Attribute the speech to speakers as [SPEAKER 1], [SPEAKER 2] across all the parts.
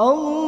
[SPEAKER 1] Allah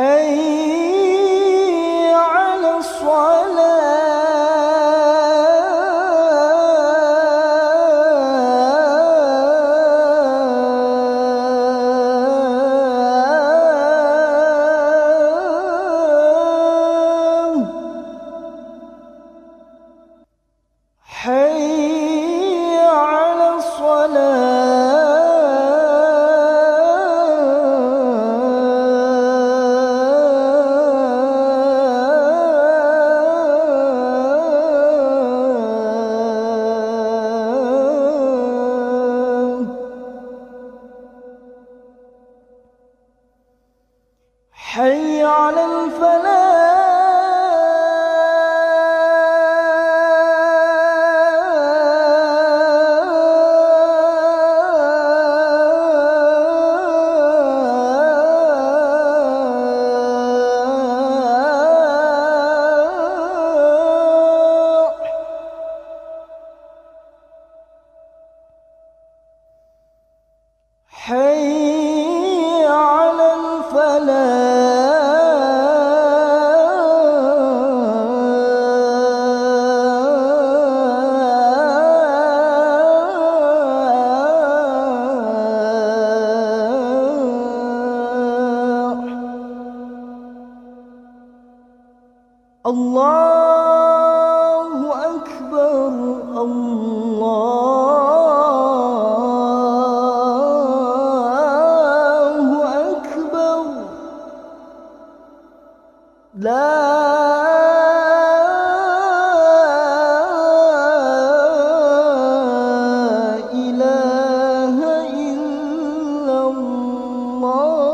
[SPEAKER 1] حي حي على الفلاح الله أكبر الله أكبر لا إله إلا الله